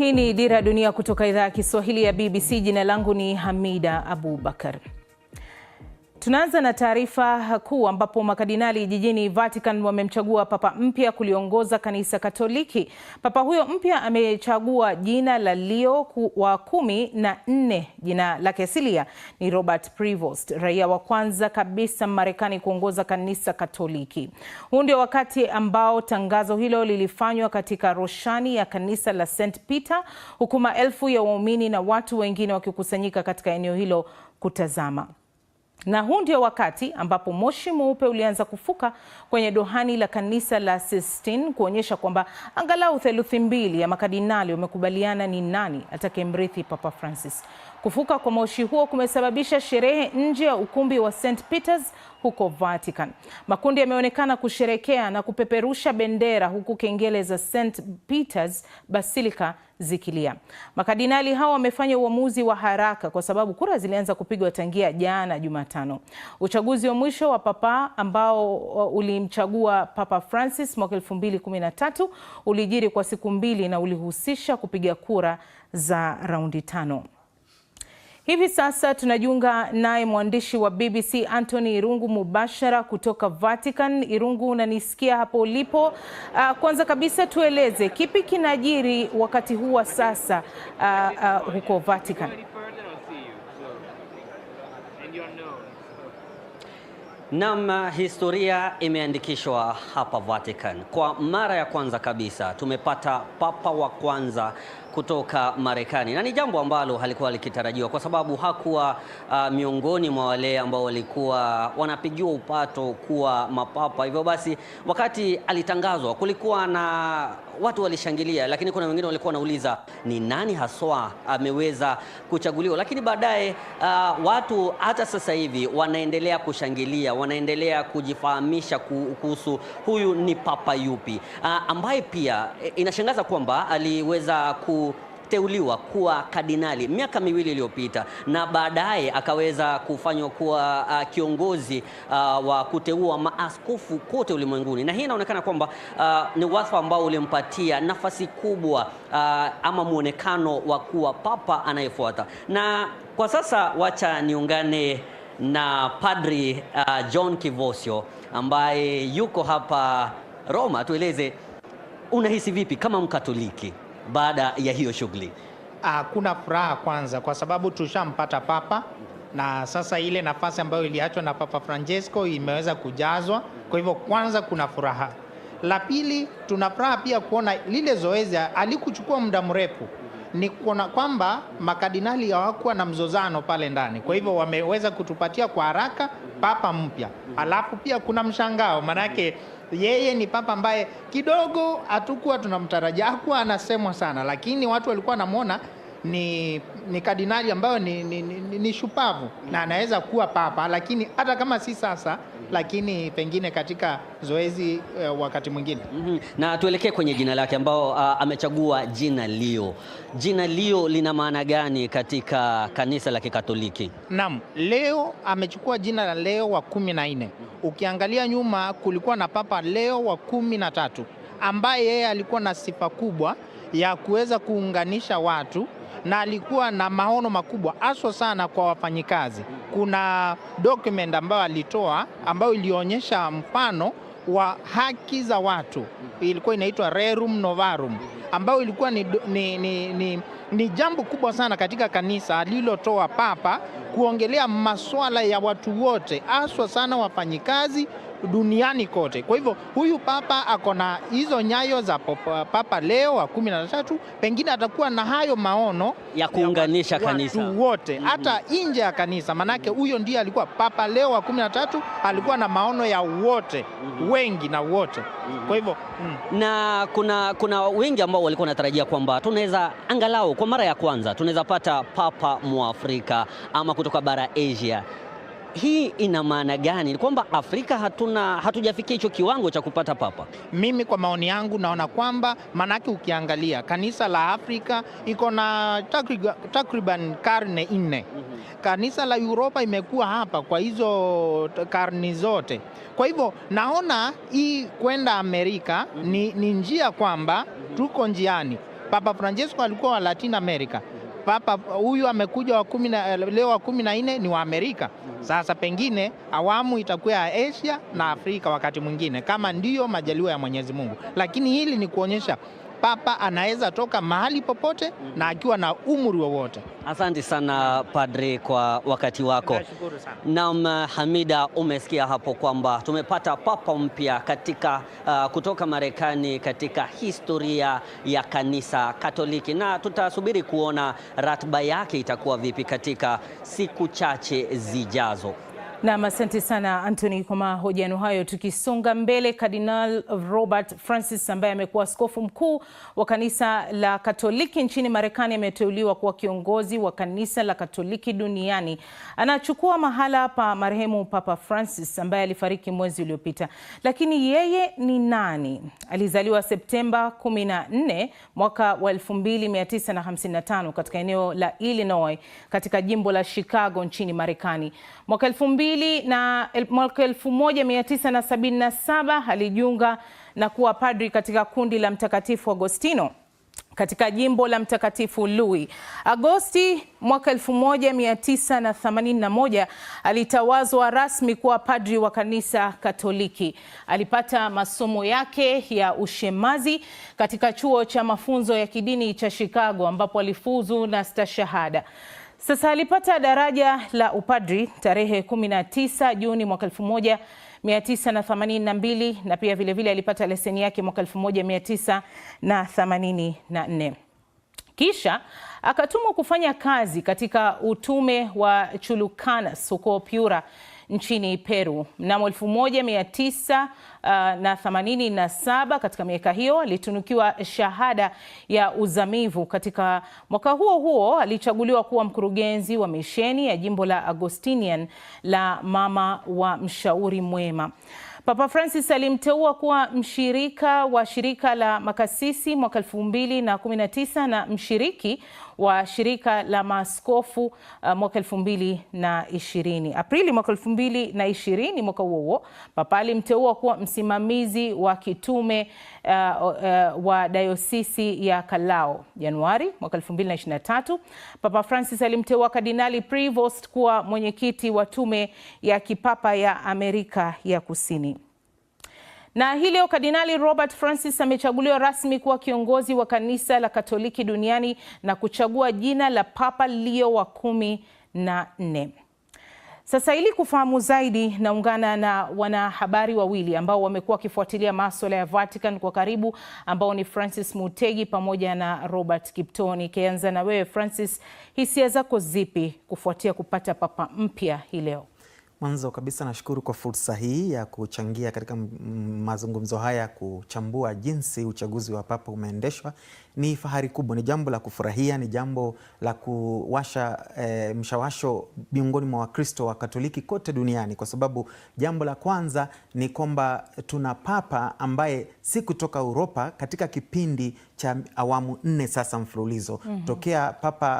Hii ni Dira ya Dunia kutoka idhaa ya Kiswahili ya BBC. Jina langu ni Hamida Abubakar. Tunaanza na taarifa kuu ambapo makadinali jijini Vatican wamemchagua papa mpya kuliongoza kanisa Katoliki. Papa huyo mpya amechagua jina la Leo wa kumi na nne. Jina lake asilia ni Robert Prevost, raia wa kwanza kabisa Marekani kuongoza kanisa Katoliki. Huu ndio wakati ambao tangazo hilo lilifanywa katika roshani ya kanisa la St Peter, huku maelfu ya waumini na watu wengine wakikusanyika katika eneo hilo kutazama. Na huu ndio wakati ambapo moshi mweupe ulianza kufuka kwenye dohani la kanisa la Sistine kuonyesha kwamba angalau theluthi mbili ya makadinali wamekubaliana ni nani atakayemrithi Papa Francis. Kufuka kwa moshi huo kumesababisha sherehe nje ya ukumbi wa St Peters huko Vatican. Makundi yameonekana kusherekea na kupeperusha bendera huku kengele za St Peters Basilica zikilia. makadinali hao wamefanya uamuzi wa haraka kwa sababu kura zilianza kupigwa tangia jana Jumatano. Uchaguzi wa mwisho wa papa ambao uh, ulimchagua Papa Francis mwaka 2013 ulijiri kwa siku mbili na ulihusisha kupiga kura za raundi tano. Hivi sasa tunajiunga naye mwandishi wa BBC Anthony Irungu mubashara kutoka Vatican. Irungu, unanisikia hapo ulipo? Uh, kwanza kabisa tueleze kipi kinajiri wakati huu wa sasa uh, uh, huko Vatican? Naam, historia imeandikishwa hapa Vatican. Kwa mara ya kwanza kabisa tumepata papa wa kwanza kutoka Marekani, na ni jambo ambalo halikuwa likitarajiwa kwa sababu hakuwa uh, miongoni mwa wale ambao walikuwa wanapigiwa upato kuwa mapapa. Hivyo basi, wakati alitangazwa, kulikuwa na watu walishangilia, lakini kuna wengine walikuwa wanauliza ni nani haswa ameweza kuchaguliwa. Lakini baadaye uh, watu hata sasa hivi wanaendelea kushangilia, wanaendelea kujifahamisha kuhusu huyu ni papa yupi, uh, ambaye pia eh, inashangaza kwamba aliweza ku akateuliwa kuwa kardinali miaka miwili iliyopita, na baadaye akaweza kufanywa kuwa uh, kiongozi uh, wa kuteua maaskofu kote ulimwenguni, na hii inaonekana kwamba uh, ni wadhifa ambao ulimpatia nafasi kubwa uh, ama mwonekano wa kuwa papa anayefuata. Na kwa sasa wacha niungane na Padri uh, John Kivosio ambaye yuko hapa Roma. Tueleze, unahisi vipi kama Mkatoliki baada ya hiyo shughuli? Ah, kuna furaha kwanza, kwa sababu tushampata papa na sasa ile nafasi ambayo iliachwa na Papa Francesco imeweza kujazwa. Kwa hivyo kwanza kuna furaha. La pili, tuna furaha pia kuona lile zoezi alikuchukua muda mrefu ni kuona kwamba makadinali hawakuwa na mzozano pale ndani. Kwa hivyo wameweza kutupatia kwa haraka papa mpya. Alafu pia kuna mshangao, maanake yeye ni papa ambaye kidogo hatukuwa tunamtarajia, hakuwa anasemwa sana, lakini watu walikuwa wanamwona ni, ni kardinali ambayo ni, ni, ni, ni shupavu na anaweza kuwa papa, lakini hata kama si sasa lakini pengine katika zoezi uh, wakati mwingine mm -hmm. Na tuelekee kwenye jina lake ambao uh, amechagua jina Leo. Jina Leo lina maana gani katika kanisa la Kikatoliki? Naam, Leo amechukua jina la Leo wa kumi na nne. Ukiangalia nyuma kulikuwa na Papa Leo wa kumi na tatu ambaye yeye alikuwa na sifa kubwa ya kuweza kuunganisha watu na alikuwa na maono makubwa haswa sana kwa wafanyikazi. Kuna document ambayo alitoa ambayo ilionyesha mfano wa haki za watu, ilikuwa inaitwa Rerum Novarum ambayo ilikuwa ni, ni, ni, ni, ni jambo kubwa sana katika kanisa alilotoa Papa kuongelea masuala ya watu wote, haswa sana wafanyikazi duniani kote. Kwa hivyo huyu papa ako na hizo nyayo za papa, papa Leo wa kumi na tatu, pengine atakuwa na hayo maono ya kuunganisha ya kanisa wote mm-hmm. hata nje ya kanisa, manake huyo ndiye alikuwa papa Leo wa kumi na tatu, alikuwa na maono ya wote mm-hmm. wengi na wote. Mm-hmm. Kwa hivyo mm. na kuna, kuna wengi ambao walikuwa wanatarajia kwamba tunaweza angalau kwa mara ya kwanza tunaweza pata papa mwafrika ama kutoka bara Asia hii ina maana gani? kwamba Afrika hatuna hatujafikia hicho kiwango cha kupata papa? Mimi kwa maoni yangu naona kwamba, maanake ukiangalia kanisa la Afrika iko na takriban karne nne. Mhm. Kanisa la Uropa imekuwa hapa kwa hizo karne zote. Kwa hivyo naona hii kwenda Amerika mhm. ni, ni njia kwamba mhm. tuko njiani. Papa Francesco alikuwa wa Latin America. Papa huyu amekuja wa kumi na, eh, leo wa kumi na nne ni wa Amerika. Mhm. Sasa pengine awamu itakuwa ya Asia na Afrika wakati mwingine, kama ndiyo majaliwa ya Mwenyezi Mungu, lakini hili ni kuonyesha papa anaweza toka mahali popote na akiwa na umri wowote. Asante sana padre kwa wakati wako. Nashukuru sana. Naam, Hamida, umesikia hapo kwamba tumepata papa mpya katika uh, kutoka Marekani katika historia ya kanisa Katoliki na tutasubiri kuona ratiba yake itakuwa vipi katika siku chache zijazo. Na asante sana Anthony kwa mahojiano hayo. Tukisonga mbele, Kardinal Robert Francis ambaye amekuwa askofu mkuu wa kanisa la Katoliki nchini Marekani ameteuliwa kuwa kiongozi wa kanisa la Katoliki duniani. Anachukua mahala pa marehemu Papa Francis ambaye alifariki mwezi uliopita. Lakini yeye ni nani? Alizaliwa Septemba 14 mwaka wa 1955 katika eneo la Illinois katika jimbo la Chicago nchini Marekani. Mwaka pili na mwaka 1977 alijiunga na kuwa padri katika kundi la Mtakatifu Agostino katika jimbo la Mtakatifu Louis. Agosti mwaka 1981 alitawazwa rasmi kuwa padri wa kanisa Katoliki. Alipata masomo yake ya ushemazi katika chuo cha mafunzo ya kidini cha Chicago ambapo alifuzu na stashahada. Sasa alipata daraja la upadri tarehe 19 Juni mwaka 1982 na pia vilevile vile alipata leseni yake mwaka 1984. Kisha akatumwa kufanya kazi katika utume wa chulukanas huko Piura nchini Peru mnamo 1987. Uh, katika miaka hiyo alitunukiwa shahada ya uzamivu. Katika mwaka huo huo alichaguliwa kuwa mkurugenzi wa misheni ya jimbo la agostinian la Mama wa Mshauri Mwema. Papa Francis alimteua kuwa mshirika wa shirika la makasisi mwaka 2019 na mshiriki wa shirika la maaskofu uh, mwaka elfu mbili na ishirini. Aprili mwaka elfu mbili na ishirini, mwaka huo huo Papa alimteua kuwa msimamizi wa kitume uh, uh, wa dayosisi ya Kalao. Januari mwaka elfu mbili na ishirini na tatu, Papa Francis alimteua Kardinali Prevost kuwa mwenyekiti wa tume ya kipapa ya Amerika ya Kusini. Na hii leo Kardinali Robert Francis amechaguliwa rasmi kuwa kiongozi wa kanisa la Katoliki duniani na kuchagua jina la Papa Leo wa kumi na nne. Sasa ili kufahamu zaidi, naungana na wanahabari wawili ambao wamekuwa wakifuatilia masuala ya Vatican kwa karibu, ambao ni Francis Mutegi pamoja na Robert kiptoni Nikianza na wewe Francis, hisia zako zipi kufuatia kupata papa mpya hii leo? Mwanzo kabisa nashukuru kwa fursa hii ya kuchangia katika mazungumzo haya kuchambua jinsi uchaguzi wa Papa umeendeshwa ni fahari kubwa, ni jambo la kufurahia, ni jambo la kuwasha e, mshawasho miongoni mwa Wakristo wa Katoliki kote duniani, kwa sababu jambo la kwanza ni kwamba tuna papa ambaye si kutoka Uropa katika kipindi cha awamu nne sasa mfululizo mm -hmm. tokea Papa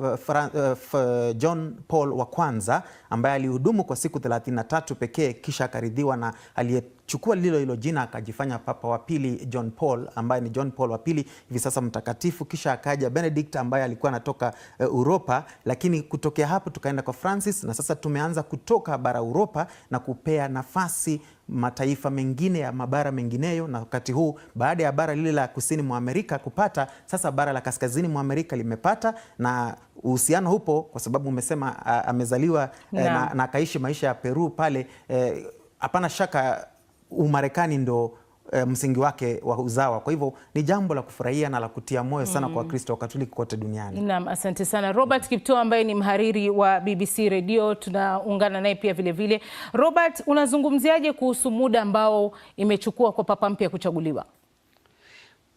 uh, Fran, uh, John Paul wa kwanza ambaye alihudumu kwa siku 33 pekee kisha akaridhiwa na aliye Chukua lilo hilo jina akajifanya papa wa pili John Paul, ambaye ni John Paul wa pili hivi sasa mtakatifu, kisha akaja Benedict ambaye alikuwa anatoka uh, Uropa, lakini kutokea hapo tukaenda kwa Francis, na sasa tumeanza kutoka bara Uropa na kupea nafasi mataifa mengine ya mabara mengineyo, na wakati huu baada ya bara lile la kusini mwa Amerika kupata, sasa bara la kaskazini mwa Amerika limepata na uhusiano hupo, kwa sababu umesema amezaliwa eh, na akaishi maisha ya Peru pale. Eh, hapana eh, shaka Umarekani ndo e, msingi wake wa uzawa. Kwa hivyo ni jambo la kufurahia na la kutia moyo sana mm. kwa Wakristo Wakatoliki kote duniani. Naam, asante sana Robert Kipto ambaye ni mhariri wa BBC Radio, tunaungana naye pia vilevile vile. Robert, unazungumziaje kuhusu muda ambao imechukua kwa Papa mpya kuchaguliwa?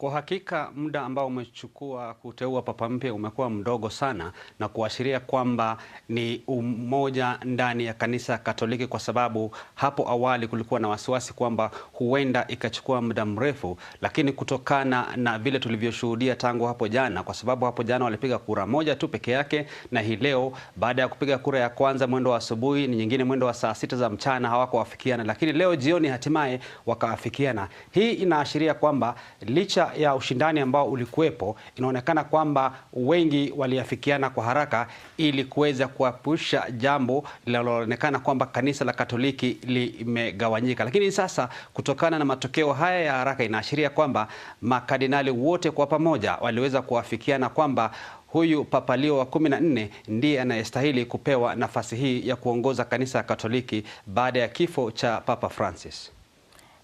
Kwa hakika muda ambao umechukua kuteua papa mpya umekuwa mdogo sana na kuashiria kwamba ni umoja ndani ya kanisa Katoliki, kwa sababu hapo awali kulikuwa na wasiwasi kwamba huenda ikachukua muda mrefu, lakini kutokana na vile tulivyoshuhudia tangu hapo jana, kwa sababu hapo jana walipiga kura moja tu peke yake, na hii leo baada ya kupiga kura ya kwanza mwendo wa asubuhi, ni nyingine mwendo wa saa sita za mchana, hawakuwafikiana lakini leo jioni hatimaye wakaafikiana. Hii inaashiria kwamba licha ya ushindani ambao ulikuwepo, inaonekana kwamba wengi waliafikiana kwa haraka ili kuweza kuepusha jambo linaloonekana kwamba kanisa la Katoliki limegawanyika. Lakini sasa kutokana na matokeo haya ya haraka, inaashiria kwamba makadinali wote kwa pamoja waliweza kuafikiana kwamba huyu Papa Leo wa kumi na nne ndiye anayestahili kupewa nafasi hii ya kuongoza kanisa ya Katoliki baada ya kifo cha Papa Francis.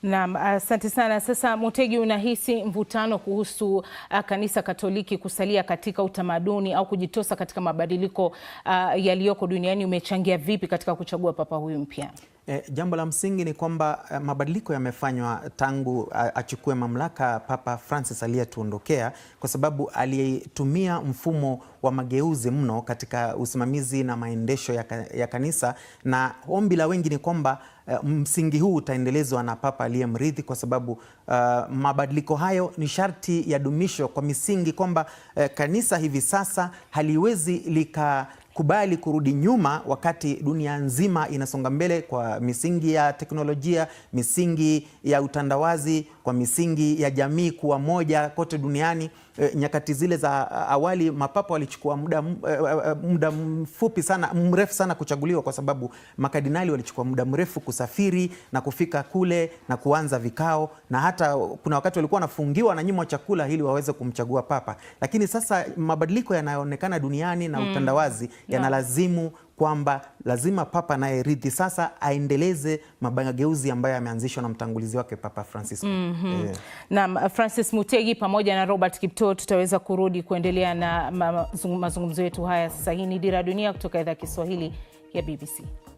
Naam, asante sana. Sasa Motegi, unahisi mvutano kuhusu uh, Kanisa Katoliki kusalia katika utamaduni au kujitosa katika mabadiliko uh, yaliyoko duniani umechangia vipi katika kuchagua papa huyu mpya? E, jambo la msingi ni kwamba eh, mabadiliko yamefanywa tangu eh, achukue mamlaka Papa Francis aliyetuondokea, kwa sababu aliyetumia mfumo wa mageuzi mno katika usimamizi na maendesho ya, ya kanisa, na ombi la wengi ni kwamba msingi huu utaendelezwa na Papa aliyemrithi kwa sababu uh, mabadiliko hayo ni sharti ya dumisho kwa misingi kwamba uh, kanisa hivi sasa haliwezi lika kubali kurudi nyuma wakati dunia nzima inasonga mbele kwa misingi ya teknolojia, misingi ya utandawazi kwa misingi ya jamii kuwa moja kote duniani. E, nyakati zile za awali mapapa walichukua muda, e, e, e, muda mfupi sana mrefu sana kuchaguliwa kwa sababu makadinali walichukua muda mrefu kusafiri na kufika kule na kuanza vikao, na hata kuna wakati walikuwa wanafungiwa na nyimwa chakula ili waweze kumchagua papa. Lakini sasa mabadiliko yanayoonekana duniani na mm. utandawazi yanalazimu kwamba lazima papa anayerithi sasa aendeleze mageuzi ambayo yameanzishwa na mtangulizi wake Papa Francisco. mm -hmm. yeah. Na Francis Mutegi pamoja na Robert Kipto tutaweza kurudi kuendelea na mazungumzo yetu haya. Sasa hii ni Dira Dunia kutoka idhaa ya Kiswahili ya BBC.